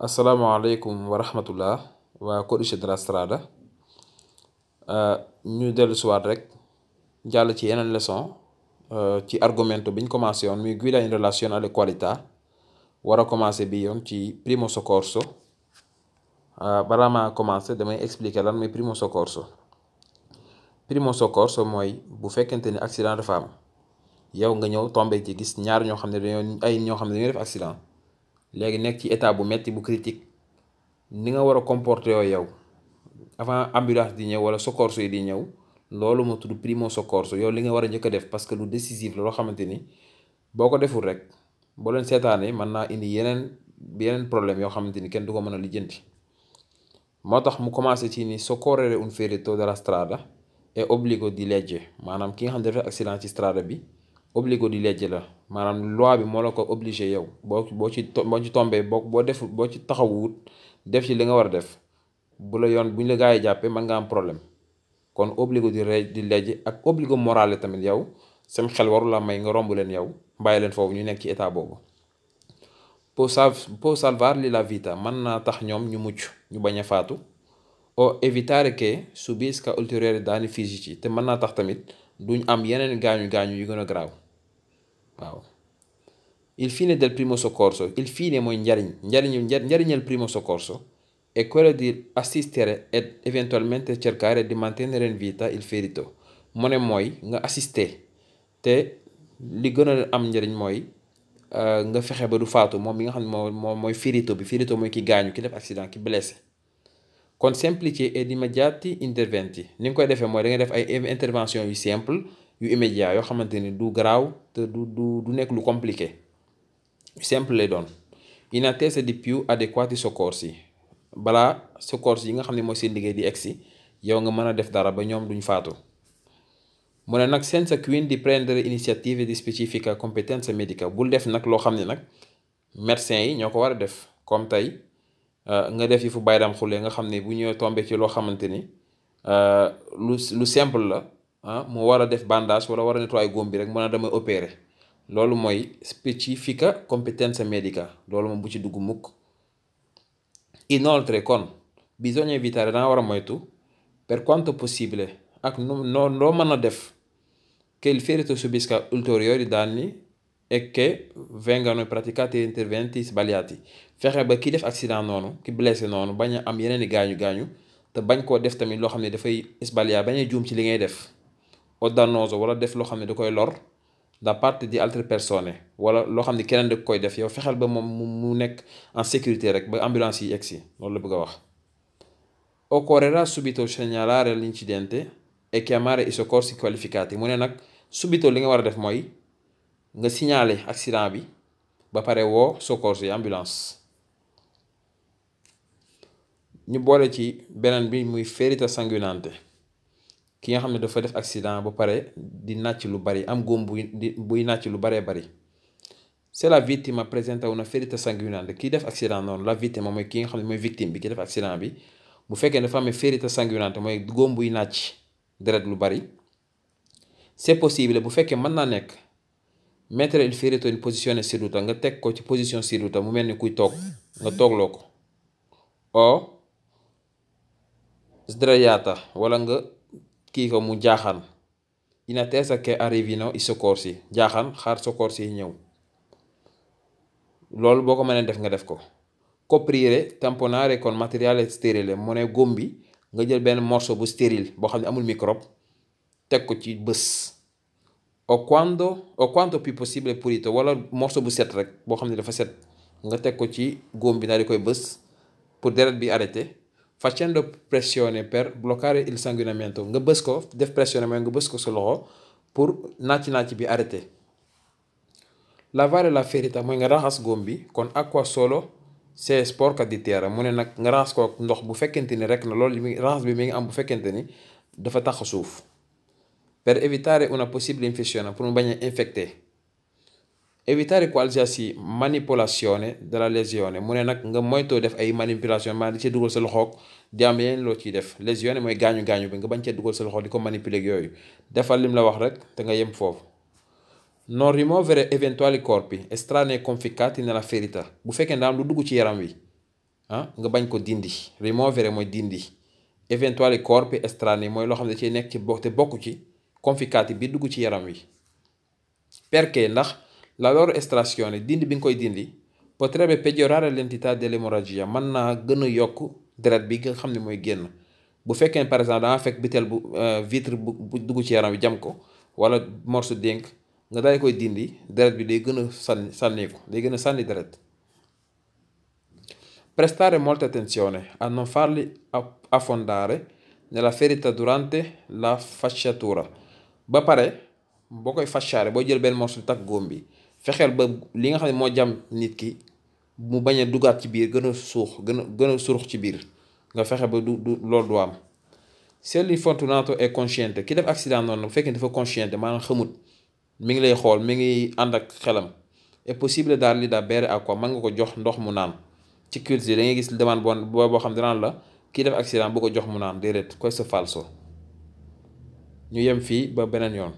asalaamaaleykum wa rahmatullah waa Codice della Strada euh, ñu dellu siwaat rek jàll ci yeneen leçon euh, ci argomento bi ñu commencé woon muy guida in relazione alle qualità war a commencé bi yoon ci primo soccorso euh, balaa maa commencé damay expliquer lan mooy primo soccorso primo soccorso mooy bu fekkente ni accident dafa am yow nga ñëw tombé ci gis ñaar ñoo xam ne dañoo ay ñoo xam ne dañoo def accident léegi nekk ci état bu metti bu critique ni nga war a comporter yow avant ambulance di ñëw wala soccorso yi di ñëw loolu moo tudd primo soccorso yow li nga war a njëkk a def parce que lu décisif la loo xamante ni boo ko deful rek boo leen seetaanee mën naa indi yeneen yeneen problème yoo xamante ni kenn du ko mën a lijjanti moo tax mu commencé ci ni soccorrere un ferito dalla strada e obbligo di legge maanaam ki nga xam ne dafay accident ci strada bi. obligo di legge la maanaam loi bi moo la ko obligé yow boo boo ci boo ci tombee boo boo deful boo ci taxawut def ci li nga war a def bu la yoon bu ñu la gaa yi jàppee mën nga am problème kon obligo di re di legge ak obligo morale tamit yow seen xel waru la may nga romb leen yow bàyyi leen foofu ñu nekk ci état boobu pour li la vita mën naa tax ñoom ñu mucc ñu bañ a faatu o evitare che subisca ulteriori danni fisici te mën naa tax tamit duñ am yeneen gaañu gaañu yu gën a garaaw waaw il fine del primo soccorso il fine mooy njariñ njariñal njariñel primo soccorso è quello di et ed eventualmente cercare di mantenere in vita il ferito mu ne mooy nga assister te li gën a am njariñ mooy euh, nga fexe ba du faatu moom mi nga xam ne moo mooy ferito bi ferito mooy ki gaañu ki def accident ki blessé kon simplifier et immediati interventi ni nga koy defee mooy da ngay def ay intervention yu simple yu immédiat yoo xamante ni du garaaw te du du du nekk lu compliqué simple lay doon in attesa di più adequati yi balaa soccorsi yi nga xam ne mooy seen liggéey di egsi yow nga mën a def dara ba ñoom duñ faatu mu ne nag seen sa senza quindi prendere iniziative di specifica competenza medica bul def nag loo xam ne nag médecin yi ñoo ko war a def comme tey Euh, nga def yi fu bàyyi daam nga xam ne bu ñëwee tombé si loo xamante ni euh, lu lu simple la ah mu war a def bandage wala war a nettoyer góom bi rek mën a damay opérer loolu mooy specifica competenza medica loolu moom bu ci dugg mukk inoltre kon bisogna evitare danga war a moytu per quanto possible ak no noo mën a def che il feretro subisca ulteriori danni et que vengano praticati interventi baliati fexe ba ki def accident noonu ki blessé noonu bañ a am yeneen i gaañu gaañu te bañ koo def tamit loo xam ne dafay isbalia bañ a ci li ngay def ordanoso wala def loo xam ne da koy lor da parti di altre persone wala loo xam ne keneen da koy def yow fexeel ba moom mu nekk en sécurité rek ba ambulance yi egsi loolu la bëgg a wax occorrerà subito segnalare l'incidente e chiamare i soccorsi qualificati mu ne nag subito li nga war a def mooy nga siñaale accident bi ba pare woo secours yi ñu boole ci beneen bi muy ferita sanguinante ki nga xam ne dafa def accident ba pare di nàcc lu bari am góom buy buy nàcc lu baree bari c'est la victime présente una ferita sanguinante ki def accident noonu la victime mooy ki nga xam ne mooy victime bi ki def accident bi bu fekkee dafa amee ferita sanguinante mooy góom buy nàcc deret lu bari c'est possible bu fekkee mën naa nekk. mettere il ferretore in posizione nga teg ko ci position seduta mu mel ni kuy toog nga toog loo ko o sdraiata wala nga kii ko mu jaaxaan inatesa che arrivino i si jaaxaan xaar soccorsi si ñëw loolu boo ko mënee def nga def ko coprire tamponare con materiale stérile mu ne góom bi nga jël benn morceau bu stérile boo xam ne amul microbe teg ko ci bës au quando au quanto pi possibile pulito wala morceau bu set rek boo xam ne dafa set nga teg ko ci góom bi daal di koy bës pour deret bi arrêté facendo pressione per bloccare il sanguinamento nga bës ko def pressione mooy nga bës ko sa loxo pour naaj naaj bi arrêté. lavare la ferita mooy nga raxas góom bi kon acqua solo se sporca di mu ne nag nga raxas ko ndox bu fekkente ni rek na loolu raxas bi mi ngi am bu fekkente ni dafa tax suuf. per evitare una possibile infezione, per non bagnare infecté evitare qualsiasi manipolazione della lésion mu ne nag nga moytoo def ay manipulation maanaam di ci dugal sa loxoog di am yeneen loo ciy def lésion mooy gaañu gaañu bi nga bañ cee dugal sa loxo di ko manipuler yooyu defal lim la wax rek te nga yem foofu. non rimuovere eventuali corpi estranei conficcati nella ferita bu fekkee ndaam lu dugg ci yaram wi ah nga bañ ko dindi rimuovere mooy dindi eventuali corpi estranei mooy loo xam ne da nekk ci bokk te bokk ci. conficaati bi dugg ci yaram wi perché ndax la loro estrazione dindi bi nga koy dindi potrebbe peggiorare l'entità dell'emorragia mën naa gën a yokk deret bi nga xam ne mooy génn bu fekkee par exemple danga fekk butéel bu euh, vitre bu dugg ci yaram wi jam ko wala morceau dénk nga daal koy dindi deret bi day gën a sànni sànni ko day gën a sànni deret prestare molta attenzione a non farli affondare nella ferita durante la fasciatura ba pare boo koy fachaare boo jël benn morceau takk góom bi fexeel ba li nga xam ne moo jam nit ki mu bañ a dugaat ci biir gën a suux gën a gën a surux ci biir nga fexe ba du du loolu du am celui fortunato est consciente ki def accident noonu bu fekkee dafa consciente maanaam xamut mi ngi lay xool mi ngi ànd ak xelam est possible daal li daa beere ak quoi mën nga ko jox ndox mu naan ci culture da ngay gis demande bon boo boo xam danaan la kii def accident bu ko jox mu naan déedéet koy sa falso ñu yem fii ba beneen yoon